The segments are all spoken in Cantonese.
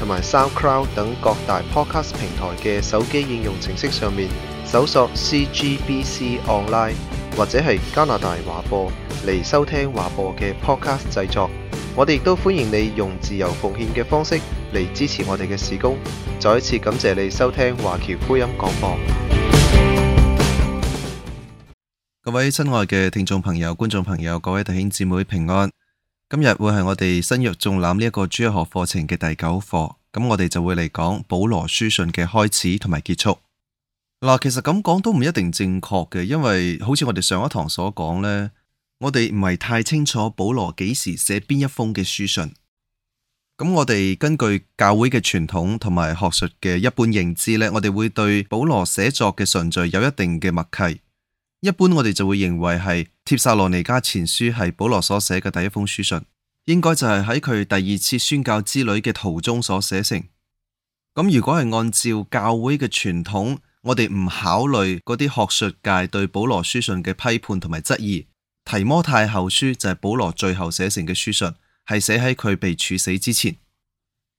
同埋 SoundCloud 等各大 Podcast 平台嘅手機應用程式上面，搜索 CGBC Online 或者係加拿大華播嚟收聽華播嘅 Podcast 製作。我哋亦都歡迎你用自由奉獻嘅方式嚟支持我哋嘅事工。再一次感謝你收聽華僑福音廣播。各位親愛嘅聽眾朋友、觀眾朋友、各位弟兄姊妹平安。今日會係我哋新約縱覽呢一個主日學課程嘅第九課，咁我哋就會嚟講保羅書信嘅開始同埋結束。嗱，其實咁講都唔一定正確嘅，因為好似我哋上一堂所講呢，我哋唔係太清楚保羅幾時寫邊一封嘅書信。咁我哋根據教會嘅傳統同埋學術嘅一般認知呢，我哋會對保羅寫作嘅順序有一定嘅默契。一般我哋就會認為係《帖撒羅尼迦前書》係保羅所寫嘅第一封書信，應該就係喺佢第二次宣教之旅嘅途中所寫成。咁如果係按照教會嘅傳統，我哋唔考慮嗰啲學術界對保羅書信嘅批判同埋質疑，《提摩太後書》就係保羅最後寫成嘅書信，係寫喺佢被處死之前。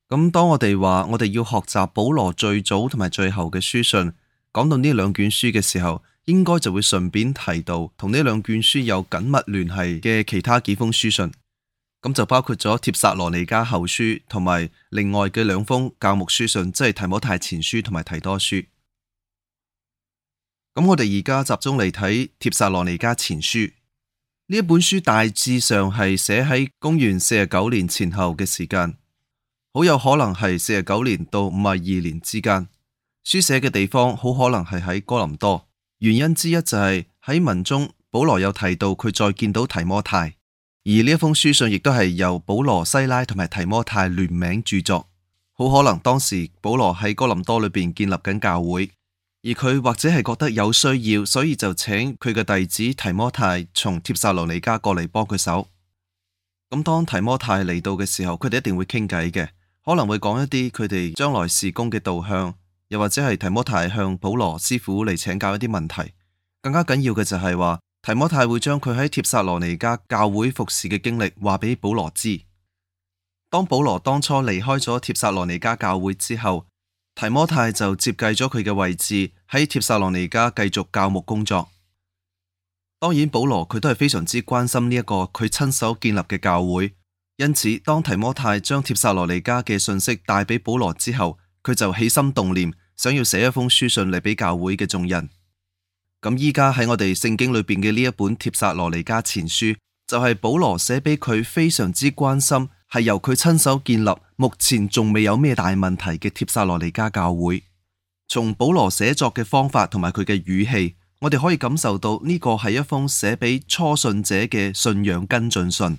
咁當我哋話我哋要學習保羅最早同埋最後嘅書信，講到呢兩卷書嘅時候。應該就會順便提到同呢兩卷書有緊密聯繫嘅其他幾封書信，咁就包括咗《帖撒羅尼加後書》同埋另外嘅兩封教牧書信，即係《提摩太前書》同埋《提多書》。咁我哋而家集中嚟睇《帖撒羅尼加前書》呢一本書，大致上係寫喺公元四十九年前後嘅時間，好有可能係四十九年到五十二年之間。書寫嘅地方好可能係喺哥林多。原因之一就係喺文中，保羅有提到佢再見到提摩太，而呢一封書信亦都係由保羅、西拉同埋提摩太聯名著作。好可能當時保羅喺哥林多裏邊建立緊教會，而佢或者係覺得有需要，所以就請佢嘅弟子提摩太從帖撒羅尼加過嚟幫佢手。咁當提摩太嚟到嘅時候，佢哋一定會傾偈嘅，可能會講一啲佢哋將來事工嘅導向。又或者係提摩太向保羅師傅嚟請教一啲問題，更加緊要嘅就係話提摩太會將佢喺帖撒羅尼加教會服侍嘅經歷話俾保羅知。當保羅當初離開咗帖撒羅尼加教會之後，提摩太就接替咗佢嘅位置，喺帖撒羅尼加繼續教牧工作。當然，保羅佢都係非常之關心呢一個佢親手建立嘅教會，因此當提摩太將帖撒羅尼加嘅信息帶俾保羅之後，佢就起心動念。想要寫一封書信嚟俾教會嘅眾人，咁依家喺我哋聖經裏邊嘅呢一本帖撒羅尼加前書，就係保羅寫俾佢非常之關心，係由佢親手建立，目前仲未有咩大問題嘅帖撒羅尼加教會。從保羅寫作嘅方法同埋佢嘅語氣，我哋可以感受到呢個係一封寫俾初信者嘅信仰跟進信，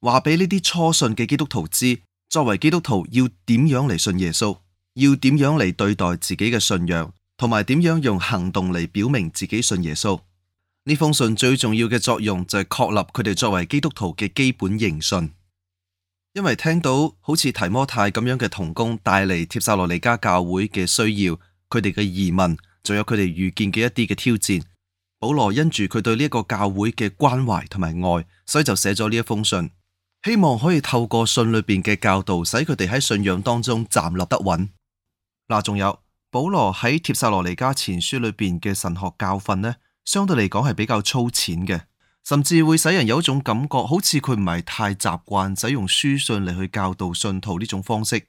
話俾呢啲初信嘅基督徒知，作為基督徒要點樣嚟信耶穌。要點樣嚟對待自己嘅信仰，同埋點樣用行動嚟表明自己信耶穌？呢封信最重要嘅作用就係確立佢哋作為基督徒嘅基本認信。因為聽到好似提摩太咁樣嘅同工帶嚟帖撒羅尼加教會嘅需要，佢哋嘅疑問，仲有佢哋遇見嘅一啲嘅挑戰，保羅因住佢對呢一個教會嘅關懷同埋愛，所以就寫咗呢一封信，希望可以透過信裏邊嘅教導，使佢哋喺信仰當中站立得穩。嗱，仲有保羅喺帖撒羅尼迦前書裏邊嘅神學教訓呢，相對嚟講係比較粗淺嘅，甚至會使人有一種感覺，好似佢唔係太習慣使用書信嚟去教導信徒呢種方式。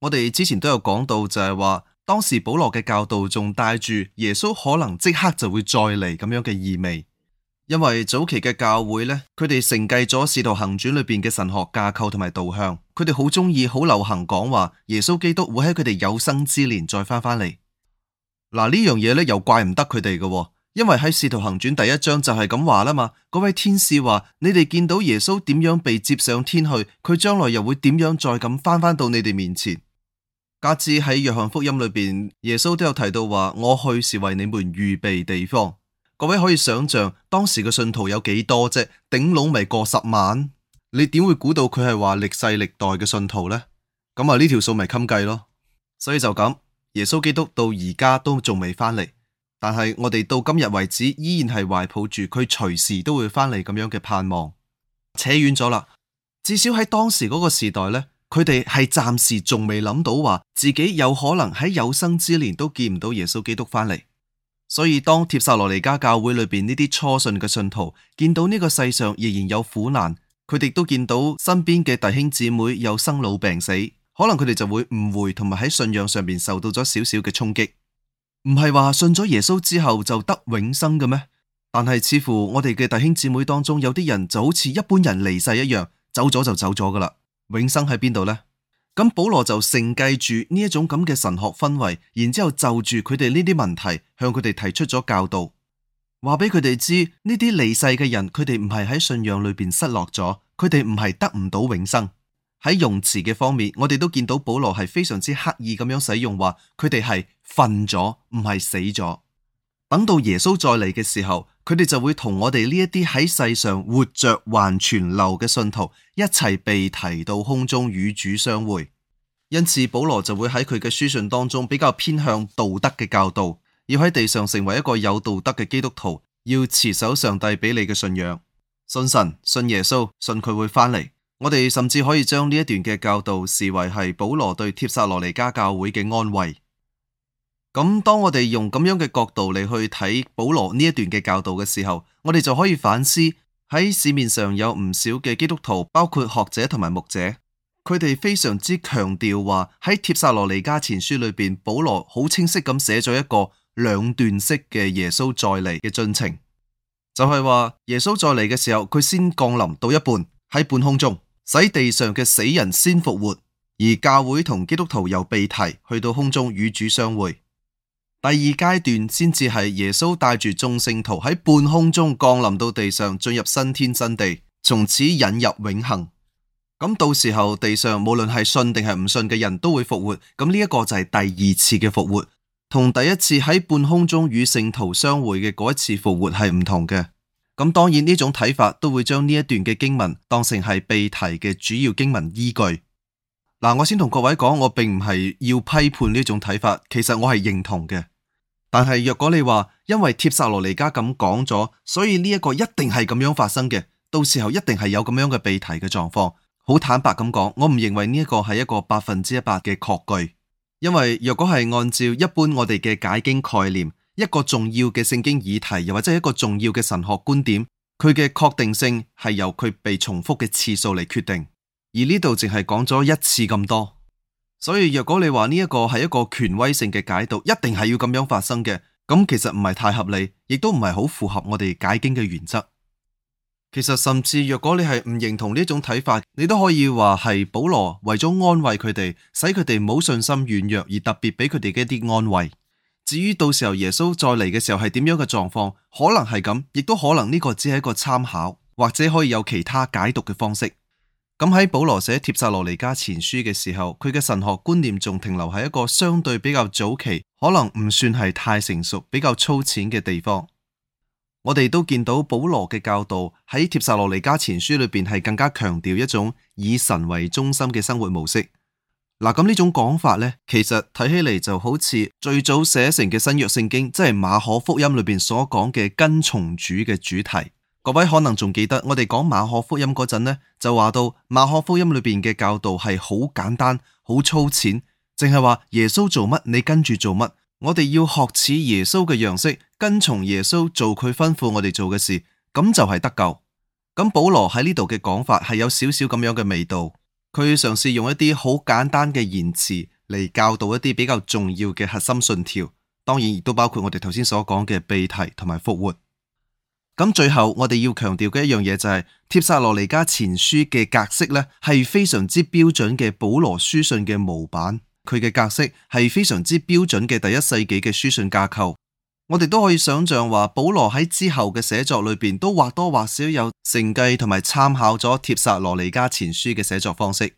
我哋之前都有講到就是說，就係話當時保羅嘅教導仲帶住耶穌可能即刻就會再嚟咁樣嘅意味。因為早期嘅教會呢，佢哋承繼咗《使徒行傳》裏邊嘅神學架構同埋導向，佢哋好中意、好流行講話耶穌基督會喺佢哋有生之年再翻返嚟。嗱，呢樣嘢呢，又怪唔得佢哋嘅，因為喺《使徒行傳》第一章就係咁話啦嘛。嗰位天使話：你哋見到耶穌點樣被接上天去，佢將來又會點樣再咁翻返到你哋面前。加之喺約翰福音裏邊，耶穌都有提到話：我去是為你們預備地方。各位可以想象當時嘅信徒有幾多啫？頂籠未過十萬，你點會估到佢係話歷世歷代嘅信徒呢？咁啊呢條數咪襟計咯。所以就咁，耶穌基督到而家都仲未翻嚟，但係我哋到今日為止依然係懷抱住佢隨時都會翻嚟咁樣嘅盼望。扯遠咗啦，至少喺當時嗰個時代呢，佢哋係暫時仲未諗到話自己有可能喺有生之年都見唔到耶穌基督翻嚟。所以當帖撒羅尼迦教會裏邊呢啲初信嘅信徒見到呢個世上仍然有苦難，佢哋都見到身邊嘅弟兄姊妹有生老病死，可能佢哋就會誤會同埋喺信仰上面受到咗少少嘅衝擊。唔係話信咗耶穌之後就得永生嘅咩？但係似乎我哋嘅弟兄姊妹當中有啲人就好似一般人離世一樣，走咗就走咗噶啦，永生喺邊度呢？咁保羅就承繼住呢一種咁嘅神學氛圍，然之後就住佢哋呢啲問題向佢哋提出咗教導，話俾佢哋知呢啲離世嘅人，佢哋唔係喺信仰裏邊失落咗，佢哋唔係得唔到永生。喺用詞嘅方面，我哋都見到保羅係非常之刻意咁樣使用，話佢哋係瞓咗，唔係死咗。等到耶穌再嚟嘅時候。佢哋就會同我哋呢一啲喺世上活着還存留嘅信徒一齊被提到空中與主相會。因此保羅就會喺佢嘅書信當中比較偏向道德嘅教導，要喺地上成為一個有道德嘅基督徒，要持守上帝俾你嘅信仰，信神、信耶穌、信佢會翻嚟。我哋甚至可以將呢一段嘅教導視為係保羅對帖撒羅尼迦教會嘅安慰。咁當我哋用咁樣嘅角度嚟去睇保羅呢一段嘅教導嘅時候，我哋就可以反思喺市面上有唔少嘅基督徒，包括學者同埋牧者，佢哋非常之強調話喺帖撒羅尼加前書裏邊，保羅好清晰咁寫咗一個兩段式嘅耶穌再嚟嘅進程，就係話耶穌再嚟嘅時候，佢先降臨到一半喺半空中，使地上嘅死人先復活，而教會同基督徒又被提去到空中與主相會。第二階段先至係耶穌帶住眾聖徒喺半空中降臨到地上，進入新天新地，從此引入永恆。咁到時候地上無論係信定係唔信嘅人都會復活。咁呢一個就係第二次嘅復活，同第一次喺半空中與聖徒相會嘅嗰一次復活係唔同嘅。咁當然呢種睇法都會將呢一段嘅經文當成係被提嘅主要經文依據。嗱，我先同各位講，我並唔係要批判呢種睇法，其實我係認同嘅。但係，若果你話因為帖撒羅尼加咁講咗，所以呢一個一定係咁樣發生嘅，到時候一定係有咁樣嘅被提嘅狀況。好坦白咁講，我唔認為呢一個係一個百分之一百嘅確據，因為若果係按照一般我哋嘅解經概念，一個重要嘅聖經議題，又或者一個重要嘅神學觀點，佢嘅確定性係由佢被重複嘅次數嚟決定，而呢度淨係講咗一次咁多。所以，若果你話呢一個係一個權威性嘅解讀，一定係要咁樣發生嘅，咁其實唔係太合理，亦都唔係好符合我哋解經嘅原則。其實，甚至若果你係唔認同呢種睇法，你都可以話係保羅為咗安慰佢哋，使佢哋冇信心軟弱，而特別俾佢哋嘅一啲安慰。至於到時候耶穌再嚟嘅時候係點樣嘅狀況，可能係咁，亦都可能呢個只係一個參考，或者可以有其他解讀嘅方式。咁喺保羅寫帖撒羅尼加前書嘅時候，佢嘅神學觀念仲停留喺一個相對比較早期，可能唔算係太成熟、比較粗淺嘅地方。我哋都見到保羅嘅教導喺帖撒羅尼加前書裏邊係更加強調一種以神為中心嘅生活模式。嗱，咁呢種講法咧，其實睇起嚟就好似最早寫成嘅新約聖經，即係、就是、馬可福音裏邊所講嘅跟從主嘅主題。各位可能仲記得我哋講馬可福音嗰陣呢，就話到馬可福音裏邊嘅教導係好簡單、好粗淺，淨係話耶穌做乜，你跟住做乜。我哋要學似耶穌嘅樣式，跟從耶穌做佢吩咐我哋做嘅事，咁就係得救。咁保羅喺呢度嘅講法係有少少咁樣嘅味道，佢嘗試用一啲好簡單嘅言辭嚟，教導一啲比較重要嘅核心信條，當然亦都包括我哋頭先所講嘅被提同埋復活。咁最後我哋要強調嘅一樣嘢就係帖撒羅尼加前書嘅格式呢，係非常之標準嘅保羅書信嘅模板。佢嘅格式係非常之標準嘅第一世紀嘅書信架構。我哋都可以想象話保羅喺之後嘅寫作裏邊都或多或少有承繼同埋參考咗帖撒羅尼加前書嘅寫作方式。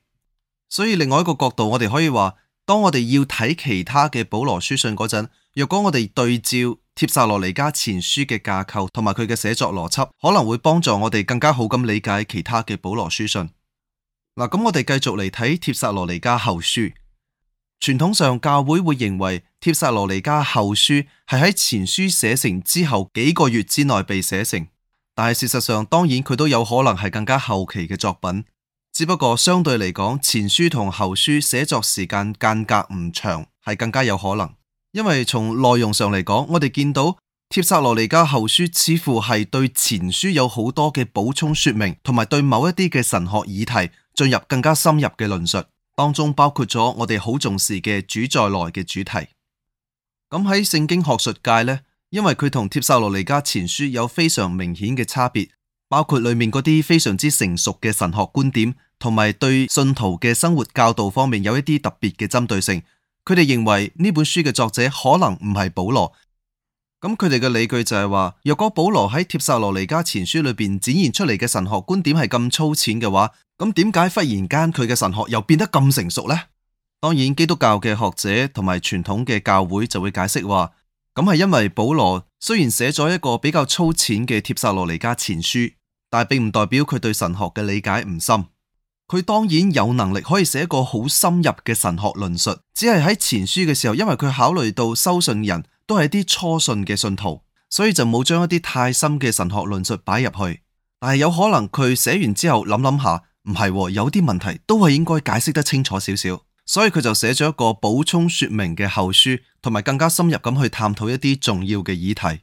所以另外一個角度，我哋可以話，當我哋要睇其他嘅保羅書信嗰陣，若果我哋對照。帖撒羅尼迦前書嘅架構同埋佢嘅寫作邏輯，可能會幫助我哋更加好咁理解其他嘅保羅書信。嗱，咁我哋繼續嚟睇帖撒羅尼迦後書。傳統上教會會認為帖撒羅尼迦後書係喺前書寫成之後幾個月之內被寫成，但係事實上，當然佢都有可能係更加後期嘅作品。只不過相對嚟講，前書同後書寫作時間間隔唔長，係更加有可能。因為從內容上嚟講，我哋見到帖撒羅尼加後書似乎係對前書有好多嘅補充說明，同埋對某一啲嘅神學議題進入更加深入嘅論述，當中包括咗我哋好重視嘅主再來嘅主題。咁喺聖經學術界呢，因為佢同帖撒羅尼加前書有非常明顯嘅差別，包括裏面嗰啲非常之成熟嘅神學觀點，同埋對信徒嘅生活教導方面有一啲特別嘅針對性。佢哋認為呢本書嘅作者可能唔係保羅，咁佢哋嘅理據就係話，若果保羅喺帖撒羅尼加前書裏邊展現出嚟嘅神學觀點係咁粗淺嘅話，咁點解忽然間佢嘅神學又變得咁成熟呢？當然，基督教嘅學者同埋傳統嘅教會就會解釋話，咁係因為保羅雖然寫咗一個比較粗淺嘅帖撒羅尼加前書，但係並唔代表佢對神學嘅理解唔深。佢當然有能力可以寫一個好深入嘅神學論述，只係喺前書嘅時候，因為佢考慮到收信人都係啲初信嘅信徒，所以就冇將一啲太深嘅神學論述擺入去。但係有可能佢寫完之後諗諗下，唔係喎，有啲問題都係應該解釋得清楚少少，所以佢就寫咗一個補充說明嘅後書，同埋更加深入咁去探討一啲重要嘅議題。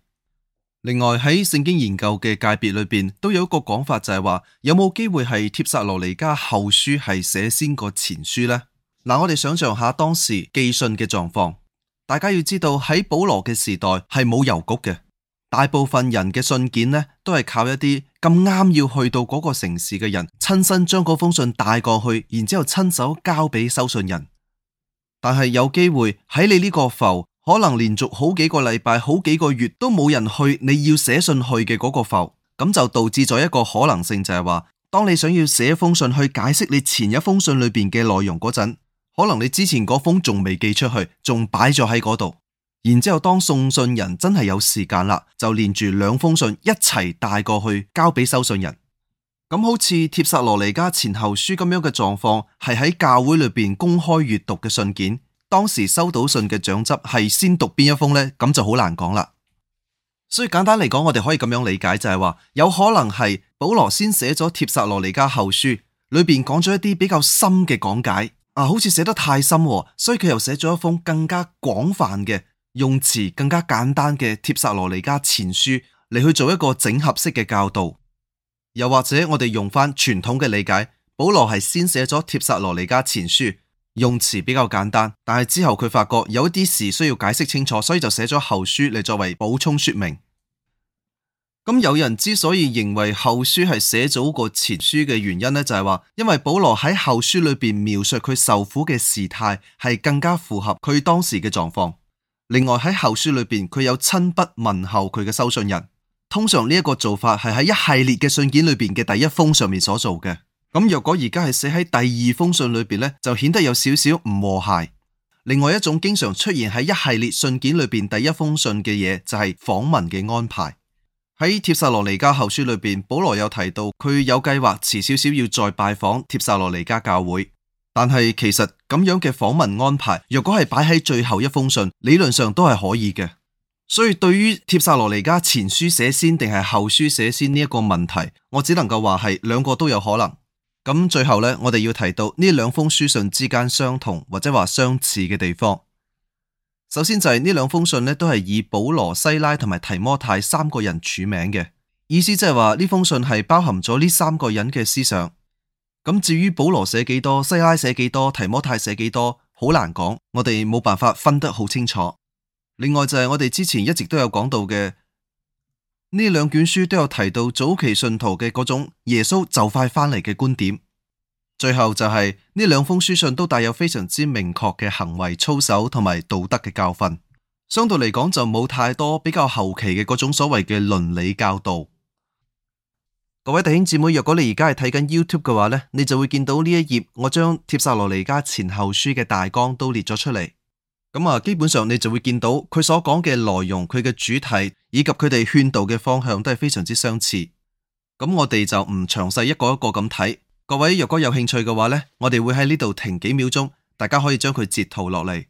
另外喺聖經研究嘅界別裏邊，都有一個講法，就係、是、話有冇機會係帖撒羅尼加後書係寫先個前書呢？嗱，我哋想象下當時寄信嘅狀況，大家要知道喺保羅嘅時代係冇郵局嘅，大部分人嘅信件呢，都係靠一啲咁啱要去到嗰個城市嘅人親身將嗰封信帶過去，然之後親手交俾收信人。但係有機會喺你呢個浮？可能連續好幾個禮拜、好幾個月都冇人去，你要寫信去嘅嗰個埠，咁就導致咗一個可能性，就係話，當你想要寫一封信去解釋你前一封信裏邊嘅內容嗰陣，可能你之前嗰封仲未寄出去，仲擺咗喺嗰度。然之後當送信人真係有時間啦，就連住兩封信一齊帶過去交俾收信人。咁好似帖撒羅尼迦前後書咁樣嘅狀況，係喺教會裏邊公開閱讀嘅信件。當時收到信嘅長執係先讀邊一封呢？咁就好難講啦。所以簡單嚟講，我哋可以咁樣理解就，就係話有可能係保羅先寫咗帖撒羅尼加後書，裏邊講咗一啲比較深嘅講解啊，好似寫得太深，所以佢又寫咗一封更加廣泛嘅用詞更加簡單嘅帖撒羅尼加前書嚟去做一個整合式嘅教導。又或者我哋用翻傳統嘅理解，保羅係先寫咗帖撒羅尼加前書。用詞比較簡單，但係之後佢發覺有一啲事需要解釋清楚，所以就寫咗後書嚟，作為補充說明。咁有人之所以認為後書係寫咗個前書嘅原因呢，就係話因為保羅喺後書裏邊描述佢受苦嘅事態係更加符合佢當時嘅狀況。另外喺後書裏邊，佢有親筆問候佢嘅收信人。通常呢一個做法係喺一系列嘅信件裏邊嘅第一封上面所做嘅。咁若果而家係寫喺第二封信裏邊呢，就顯得有少少唔和諧。另外一種經常出現喺一系列信件裏邊第一封信嘅嘢，就係訪問嘅安排。喺帖撒羅尼迦後書裏邊，保羅有提到佢有計劃遲少少要再拜訪帖撒羅尼迦教會，但係其實咁樣嘅訪問安排，若果係擺喺最後一封信，理論上都係可以嘅。所以對於帖撒羅尼迦前書寫先定係後書寫先呢一個問題，我只能夠話係兩個都有可能。咁最後呢，我哋要提到呢兩封書信之間相同或者話相似嘅地方。首先就係呢兩封信呢，都係以保羅、西拉同埋提摩太三個人署名嘅，意思即係話呢封信係包含咗呢三個人嘅思想。咁至於保羅寫幾多、西拉寫幾多、提摩太寫幾多，好難講，我哋冇辦法分得好清楚。另外就係我哋之前一直都有講到嘅。呢兩卷書都有提到早期信徒嘅嗰種耶穌就快翻嚟嘅觀點。最後就係、是、呢兩封書信都帶有非常之明確嘅行為操守同埋道德嘅教訓。相對嚟講就冇太多比較後期嘅嗰種所謂嘅倫理教導。各位弟兄姊妹，若果你而家係睇緊 YouTube 嘅話呢，你就會見到呢一頁，我將帖撒羅尼迦前後書嘅大綱都列咗出嚟。咁啊，基本上你就會見到佢所講嘅內容，佢嘅主題以及佢哋勸導嘅方向都係非常之相似。咁我哋就唔詳細一個一個咁睇。各位若果有興趣嘅話呢，我哋會喺呢度停幾秒鐘，大家可以將佢截圖落嚟。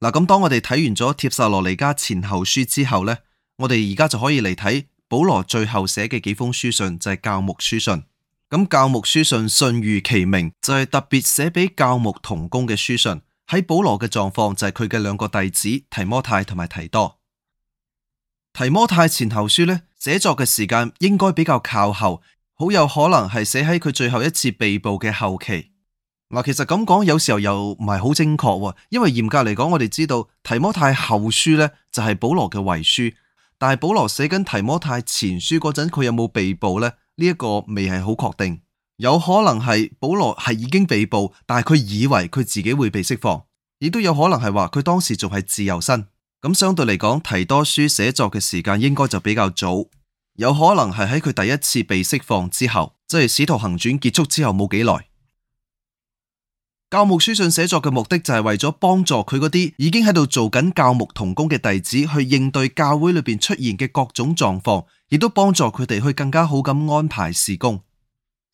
嗱，啊，咁當我哋睇完咗帖撒羅尼加前後書之後呢，我哋而家就可以嚟睇保羅最後寫嘅幾封書信，就係教牧書信。咁教牧書信，信如其名，就係特別寫俾教牧同工嘅書信。喺保羅嘅狀況就係佢嘅兩個弟子提摩太同埋提多。提摩太前後書咧，寫作嘅時間應該比較靠後，好有可能係寫喺佢最後一次被捕嘅後期。嗱，其實咁講，有時候又唔係好正確喎，因為嚴格嚟講，我哋知道提摩太後書咧就係保羅嘅遺書，但係保羅寫緊提摩太前書嗰陣，佢有冇被捕咧？呢一個未係好確定。有可能係保羅係已經被捕，但係佢以為佢自己會被釋放，亦都有可能係話佢當時仲係自由身。咁相對嚟講，提多書寫作嘅時間應該就比較早，有可能係喺佢第一次被釋放之後，即係使徒行傳結束之後冇幾耐。教牧書信寫作嘅目的就係為咗幫助佢嗰啲已經喺度做緊教牧同工嘅弟子去應對教會裏邊出現嘅各種狀況，亦都幫助佢哋去更加好咁安排事工。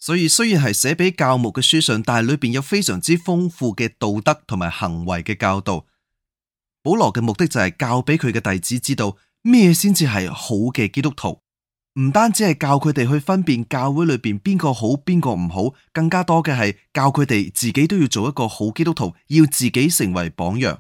所以雖然係寫俾教牧嘅書信，但係裏邊有非常之豐富嘅道德同埋行為嘅教導。保羅嘅目的就係教俾佢嘅弟子知道咩先至係好嘅基督徒。唔單止係教佢哋去分辨教會裏邊邊個好邊個唔好，更加多嘅係教佢哋自己都要做一個好基督徒，要自己成為榜樣。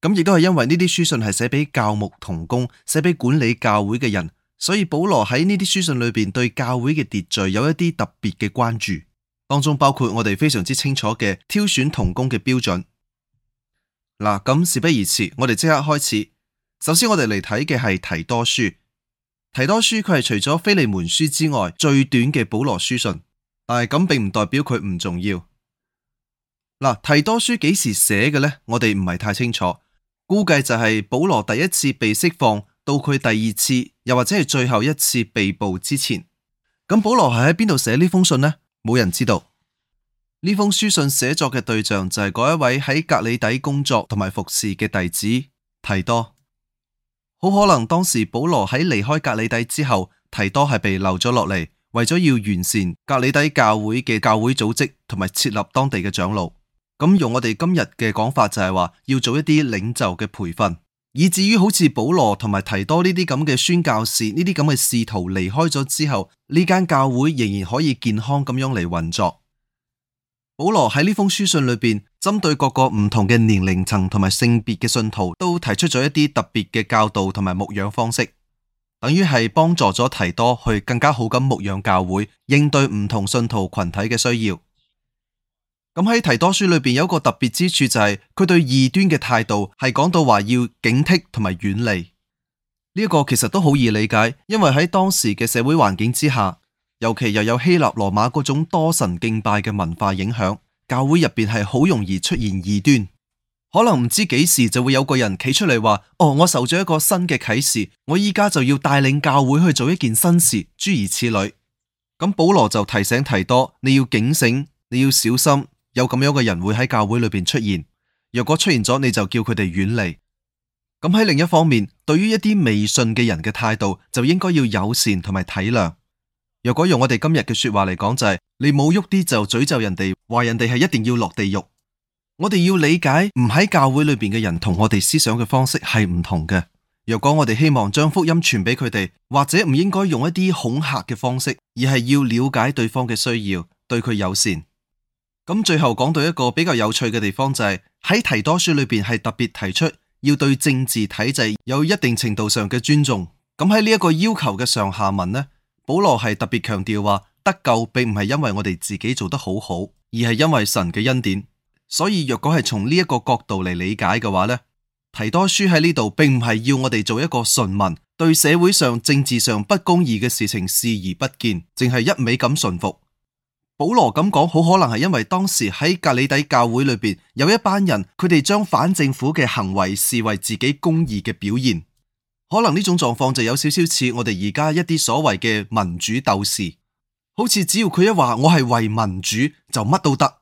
咁亦都係因為呢啲書信係寫俾教牧同工，寫俾管理教會嘅人。所以保羅喺呢啲書信裏邊對教會嘅秩序有一啲特別嘅關注，當中包括我哋非常之清楚嘅挑選同工嘅標準。嗱，咁事不宜遲，我哋即刻開始。首先，我哋嚟睇嘅係提多書。提多書佢係除咗腓利門書之外最短嘅保羅書信，但係咁並唔代表佢唔重要。嗱，提多書幾時寫嘅呢？我哋唔係太清楚，估計就係保羅第一次被釋放。到佢第二次又或者係最後一次被捕之前，咁保羅係喺邊度寫呢封信呢？冇人知道。呢封書信寫作嘅對象就係嗰一位喺格里底工作同埋服侍嘅弟子提多。好可能當時保羅喺離開格里底之後，提多係被留咗落嚟，為咗要完善格里底教會嘅教會組織同埋設立當地嘅長老。咁用我哋今日嘅講法就係話要做一啲領袖嘅培訓。以至於好似保羅同埋提多呢啲咁嘅宣教士、呢啲咁嘅信徒離開咗之後，呢間教會仍然可以健康咁樣嚟運作。保羅喺呢封書信裏邊，針對各個唔同嘅年齡層同埋性別嘅信徒，都提出咗一啲特別嘅教導同埋牧養方式，等於係幫助咗提多去更加好咁牧養教會，應對唔同信徒群體嘅需要。咁喺提多書裏邊有一個特別之處，就係佢對異端嘅態度，係講到話要警惕同埋遠離呢一個。其實都好易理解，因為喺當時嘅社會環境之下，尤其又有希臘羅馬嗰種多神敬拜嘅文化影響，教會入邊係好容易出現異端，可能唔知幾時就會有個人企出嚟話：，哦，我受咗一個新嘅啟示，我依家就要帶領教會去做一件新事，諸如此類。咁保羅就提醒提多，你要警醒，你要小心。有咁樣嘅人會喺教會裏邊出現，如果出現咗，你就叫佢哋遠離。咁喺另一方面，對於一啲未信嘅人嘅態度，就應該要友善同埋體諒。如果用我哋今日嘅說話嚟講，就是，就係你冇喐啲就詛咒人哋，話人哋係一定要落地獄。我哋要理解唔喺教會裏邊嘅人同我哋思想嘅方式係唔同嘅。如果我哋希望將福音傳俾佢哋，或者唔應該用一啲恐嚇嘅方式，而係要了解對方嘅需要，對佢友善。咁最後講到一個比較有趣嘅地方就係，喺提多書裏邊係特別提出要對政治體制有一定程度上嘅尊重。咁喺呢一個要求嘅上下文呢，保羅係特別強調話得救並唔係因為我哋自己做得好好，而係因為神嘅恩典。所以若果係從呢一個角度嚟理解嘅話呢，提多書喺呢度並唔係要我哋做一個順民，對社會上政治上不公義嘅事情視而不見，淨係一味咁順服。保羅咁講，好可能係因為當時喺格里底教會裏邊有一班人，佢哋將反政府嘅行為視為自己公義嘅表現。可能呢種狀況就有少少似我哋而家一啲所謂嘅民主鬥士，好似只要佢一話我係為民主就乜都得，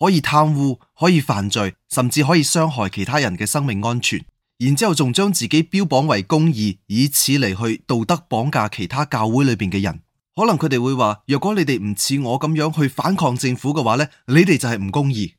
可以貪污，可以犯罪，甚至可以傷害其他人嘅生命安全，然之後仲將自己標榜為公義，以此嚟去道德綁架其他教會裏邊嘅人。可能佢哋會話，若果你哋唔似我咁樣去反抗政府嘅話呢，你哋就係唔公義。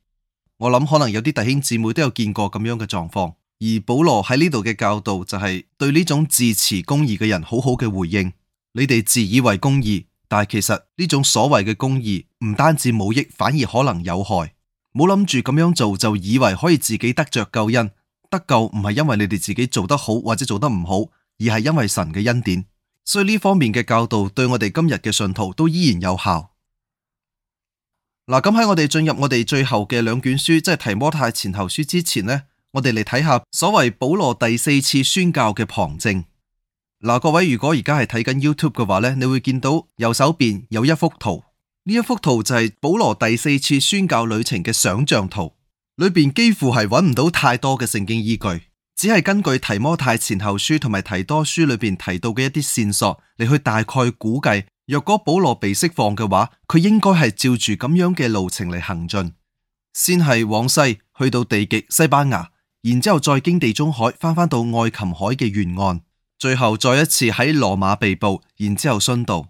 我諗可能有啲弟兄姊妹都有見過咁樣嘅狀況。而保羅喺呢度嘅教導就係對呢種自持公義嘅人好好嘅回應。你哋自以為公義，但係其實呢種所謂嘅公義，唔單止冇益，反而可能有害。冇諗住咁樣做就以為可以自己得着救恩，得救唔係因為你哋自己做得好或者做得唔好，而係因為神嘅恩典。所以呢方面嘅教導對我哋今日嘅信徒都依然有效。嗱，咁喺我哋進入我哋最後嘅兩卷書，即係提摩太前後書之前呢，我哋嚟睇下所謂保羅第四次宣教嘅旁證。嗱，各位如果而家係睇緊 YouTube 嘅話呢，你會見到右手邊有一幅圖，呢一幅圖就係保羅第四次宣教旅程嘅想象圖，裏邊幾乎係揾唔到太多嘅聖經依據。只係根據提摩太前後書同埋提多書裏邊提到嘅一啲線索，你去大概估計，若果保羅被釋放嘅話，佢應該係照住咁樣嘅路程嚟行進，先係往西去到地極西班牙，然之後再經地中海翻返到愛琴海嘅沿岸，最後再一次喺羅馬被捕，然之後殉道。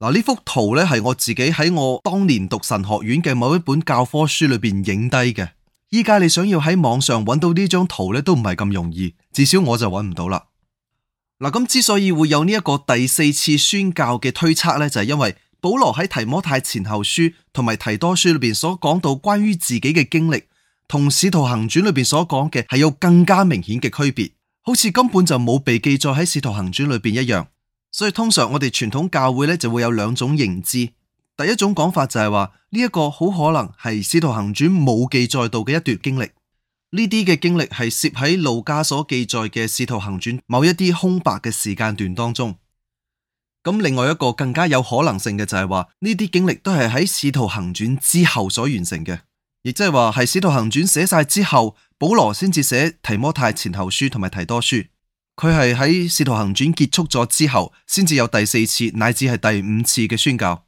嗱，呢幅圖咧係我自己喺我當年讀神學院嘅某一本教科書裏邊影低嘅。依家你想要喺網上揾到呢張圖咧，都唔係咁容易，至少我就揾唔到啦。嗱，咁之所以會有呢一個第四次宣教嘅推測咧，就係因為保羅喺提摩太前後書同埋提多書裏邊所講到關於自己嘅經歷，同使徒行傳裏邊所講嘅係有更加明顯嘅區別，好似根本就冇被記載喺使徒行傳裏邊一樣。所以通常我哋傳統教會咧就會有兩種認知。第一種講法就係話呢一個好可能係《使徒行傳》冇記載到嘅一段經歷，呢啲嘅經歷係攝喺路加所記載嘅《使徒行傳》某一啲空白嘅時間段當中。咁另外一個更加有可能性嘅就係話呢啲經歷都係喺《使徒行傳》之後所完成嘅，亦即係話係《使徒行傳》寫晒之後，保羅先至寫提摩太前後書同埋提多書。佢係喺《使徒行傳》結束咗之後，先至有第四次乃至係第五次嘅宣教。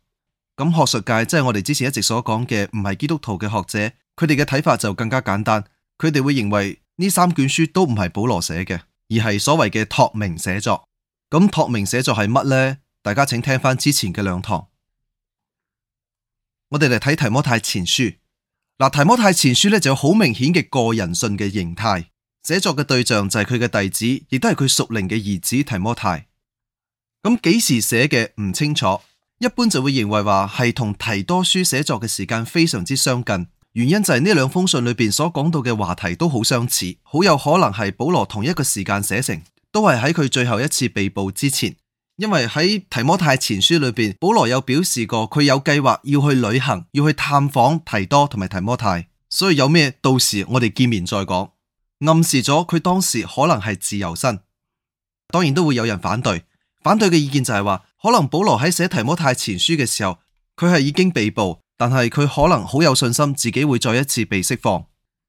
咁學術界即係、就是、我哋之前一直所講嘅，唔係基督徒嘅學者，佢哋嘅睇法就更加簡單，佢哋會認為呢三卷書都唔係保羅寫嘅，而係所謂嘅託名寫作。咁託名寫作係乜呢？大家請聽翻之前嘅兩堂，我哋嚟睇提摩太前書。嗱，提摩太前書咧就有好明顯嘅個人信嘅形態，寫作嘅對象就係佢嘅弟子，亦都係佢屬靈嘅兒子提摩太。咁幾時寫嘅唔清楚。一般就會認為話係同提多書寫作嘅時間非常之相近，原因就係呢兩封信裏邊所講到嘅話題都好相似，好有可能係保羅同一個時間寫成，都係喺佢最後一次被捕之前，因為喺提摩太前書裏邊，保羅有表示過佢有計劃要去旅行，要去探訪提多同埋提摩太，所以有咩到時我哋見面再講，暗示咗佢當時可能係自由身，當然都會有人反對。反對嘅意見就係話，可能保羅喺寫提摩太前書嘅時候，佢係已經被捕，但係佢可能好有信心自己會再一次被釋放。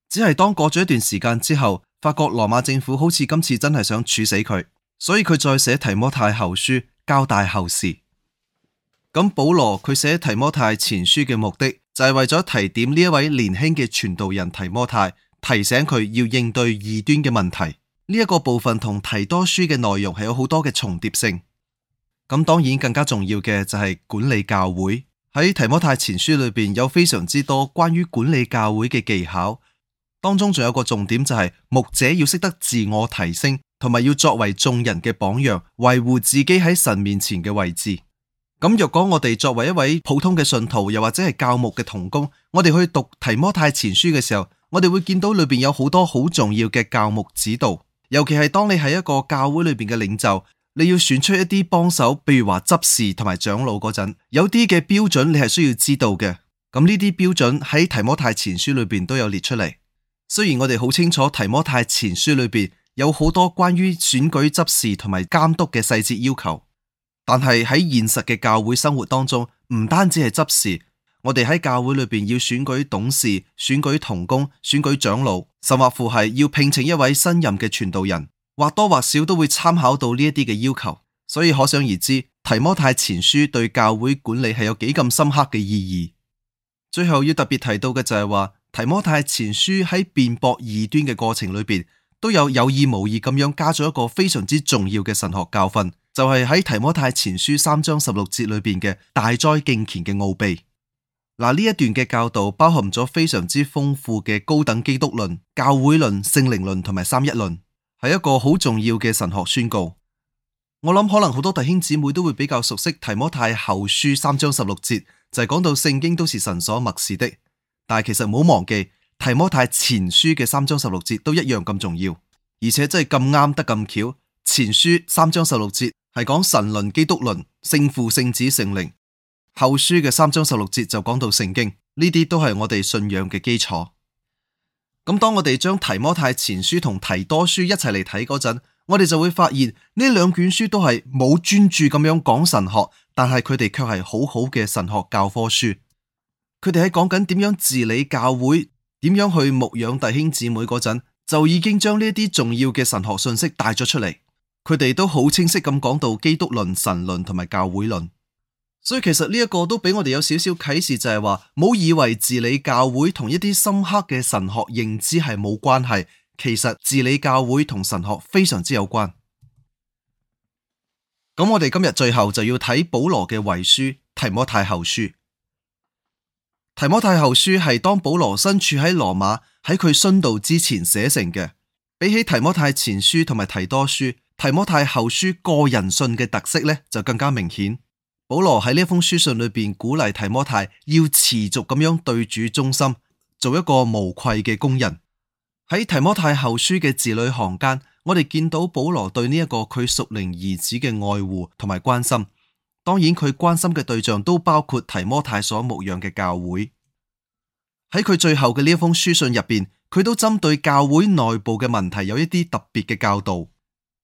只係當過咗一段時間之後，發覺羅馬政府好似今次真係想處死佢，所以佢再寫提摩太後書交代後事。咁保羅佢寫提摩太前書嘅目的就係為咗提點呢一位年輕嘅傳道人提摩太，提醒佢要應對異端嘅問題。呢一個部分同提多書嘅內容係有好多嘅重疊性。咁當然更加重要嘅就係管理教會喺提摩太前書裏邊有非常之多關於管理教會嘅技巧。當中仲有個重點就係牧者要識得自我提升，同埋要作為眾人嘅榜樣，維護自己喺神面前嘅位置。咁若果我哋作為一位普通嘅信徒，又或者係教牧嘅同工，我哋去讀提摩太前書嘅時候，我哋會見到裏邊有好多好重要嘅教牧指導。尤其係當你係一個教會裏邊嘅領袖，你要選出一啲幫手，譬如話執事同埋長老嗰陣，有啲嘅標準你係需要知道嘅。咁呢啲標準喺提摩太前書裏邊都有列出嚟。雖然我哋好清楚提摩太前書裏邊有好多關於選舉執事同埋監督嘅細節要求，但係喺現實嘅教會生活當中，唔單止係執事。我哋喺教會裏邊要選舉董事、選舉同工、選舉長老，甚或乎係要聘請一位新任嘅傳道人，或多或少都會參考到呢一啲嘅要求。所以可想而知，提摩太前書對教會管理係有幾咁深刻嘅意義。最後要特別提到嘅就係話，提摩太前書喺辯駁異端嘅過程裏邊，都有有意無意咁樣加咗一個非常之重要嘅神學教訓，就係喺提摩太前書三章十六節裏邊嘅大哉敬虔嘅奧秘。嗱，呢一段嘅教導包含咗非常之豐富嘅高等基督論、教會論、聖靈論同埋三一論，係一個好重要嘅神學宣告。我諗可能好多弟兄姊妹都會比較熟悉提摩太後書三章十六節，就係、是、講到聖經都是神所默示的。但係其實唔好忘記提摩太前書嘅三章十六節都一樣咁重要，而且真係咁啱得咁巧，前書三章十六節係講神論、基督論、聖父、聖子、聖靈。後書嘅三章十六節就講到聖經，呢啲都係我哋信仰嘅基礎。咁當我哋將提摩太前書同提多書一齊嚟睇嗰陣，我哋就會發現呢兩卷書都係冇專注咁樣講神學，但係佢哋卻係好好嘅神學教科書。佢哋喺講緊點樣治理教會、點樣去牧養弟兄姊妹嗰陣，就已經將呢啲重要嘅神學信息帶咗出嚟。佢哋都好清晰咁講到基督論、神論同埋教會論。所以其實呢一個都俾我哋有少少啟示就，就係話，唔好以為治理教會同一啲深刻嘅神學認知係冇關係，其實治理教會同神學非常之有關。咁我哋今日最後就要睇保羅嘅遺書《提摩太後書》後書。提書提書《提摩太後書》係當保羅身處喺羅馬，喺佢殉道之前寫成嘅。比起《提摩太前書》同埋《提多書》，《提摩太後書》個人信嘅特色呢，就更加明顯。保羅喺呢封書信裏邊鼓勵提摩太要持續咁樣對主忠心，做一個無愧嘅工人。喺提摩太後書嘅字裏行間，我哋見到保羅對呢一個佢屬靈兒子嘅愛護同埋關心。當然佢關心嘅對象都包括提摩太所牧養嘅教會。喺佢最後嘅呢一封書信入邊，佢都針對教會內部嘅問題有一啲特別嘅教導。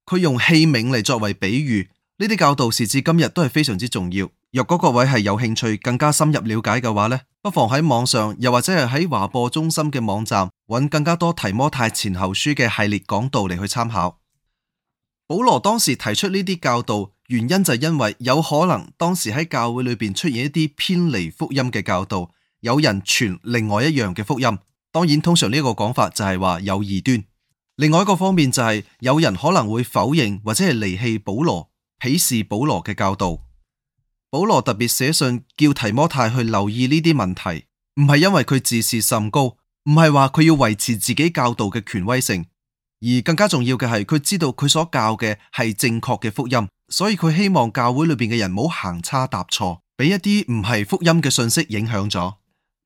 佢用器皿嚟作為比喻。呢啲教導時至今日都係非常之重要。若果各位係有興趣更加深入了解嘅話呢，不妨喺網上又或者係喺華播中心嘅網站揾更加多提摩太前後書嘅系列講道嚟去參考。保羅當時提出呢啲教導，原因就係因為有可能當時喺教會裏邊出現一啲偏離福音嘅教導，有人傳另外一樣嘅福音。當然，通常呢個講法就係話有異端。另外一個方面就係有人可能會否認或者係離棄保羅。鄙視保羅嘅教導，保羅特別寫信叫提摩太去留意呢啲問題，唔係因為佢自視甚高，唔係話佢要維持自己教導嘅權威性，而更加重要嘅係佢知道佢所教嘅係正確嘅福音，所以佢希望教會裏邊嘅人唔好行差踏錯，俾一啲唔係福音嘅信息影響咗。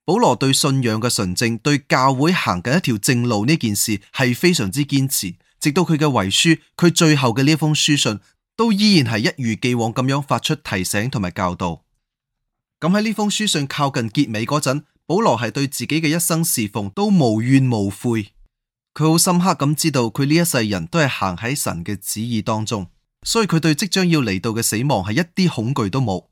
保羅對信仰嘅純正，對教會行緊一條正路呢件事係非常之堅持，直到佢嘅遺書，佢最後嘅呢封書信。都依然係一如既往咁樣發出提醒同埋教導。咁喺呢封書信靠近結尾嗰陣，保羅係對自己嘅一生侍奉都無怨無悔。佢好深刻咁知道佢呢一世人都係行喺神嘅旨意當中，所以佢對即將要嚟到嘅死亡係一啲恐懼都冇。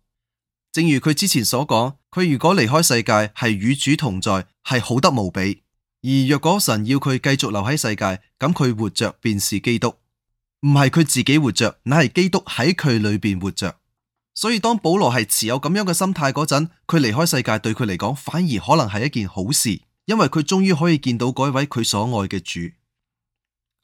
正如佢之前所講，佢如果離開世界係與主同在，係好得無比；而若果神要佢繼續留喺世界，咁佢活着便是基督。唔係佢自己活着，乃係基督喺佢裏面活着。所以當保羅係持有咁樣嘅心態嗰陣，佢離開世界對佢嚟講反而可能係一件好事，因為佢終於可以見到嗰位佢所愛嘅主。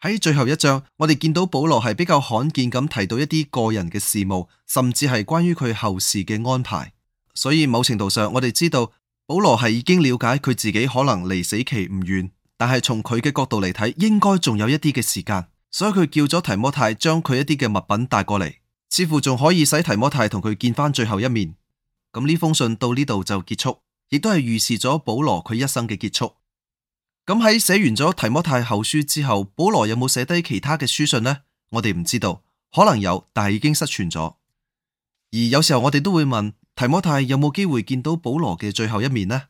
喺最後一章，我哋見到保羅係比較罕見咁提到一啲個人嘅事務，甚至係關於佢後事嘅安排。所以某程度上，我哋知道保羅係已經了解佢自己可能離死期唔遠，但係從佢嘅角度嚟睇，應該仲有一啲嘅時間。所以佢叫咗提摩太將佢一啲嘅物品帶過嚟，似乎仲可以使提摩太同佢見翻最後一面。咁呢封信到呢度就結束，亦都係預示咗保羅佢一生嘅結束。咁喺寫完咗提摩太後書之後，保羅有冇寫低其他嘅書信呢？我哋唔知道，可能有，但係已經失傳咗。而有時候我哋都會問提摩太有冇機會見到保羅嘅最後一面呢？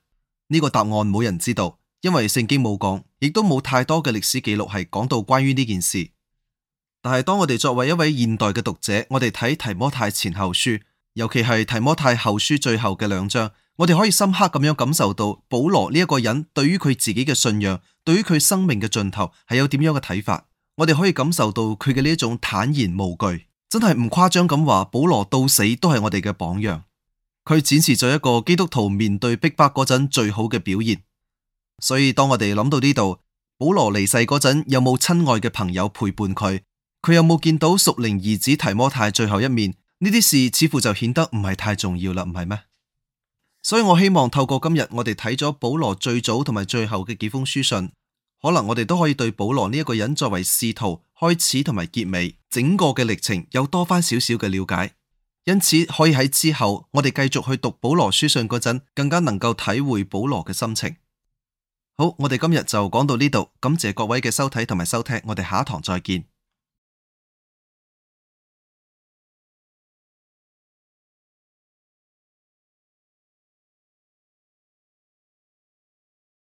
呢個答案冇人知道。因為聖經冇講，亦都冇太多嘅歷史記錄係講到關於呢件事。但係當我哋作為一位現代嘅讀者，我哋睇提摩太前後書，尤其係提摩太後書最後嘅兩章，我哋可以深刻咁樣感受到保羅呢一個人對於佢自己嘅信仰，對於佢生命嘅盡頭係有點樣嘅睇法。我哋可以感受到佢嘅呢一種坦然無懼，真係唔誇張咁話，保羅到死都係我哋嘅榜樣。佢展示咗一個基督徒面對逼迫嗰陣最好嘅表現。所以，當我哋諗到呢度，保羅離世嗰陣有冇親愛嘅朋友陪伴佢，佢有冇見到屬靈兒子提摩太最後一面呢啲事，似乎就顯得唔係太重要啦，唔係咩？所以我希望透過今日我哋睇咗保羅最早同埋最後嘅幾封書信，可能我哋都可以對保羅呢一個人作為使徒開始同埋結尾整個嘅歷程有多返少少嘅了解，因此可以喺之後我哋繼續去讀保羅書信嗰陣，更加能夠體會保羅嘅心情。好，我哋今日就講到呢度，感謝各位嘅收睇同埋收聽，我哋下一堂再見。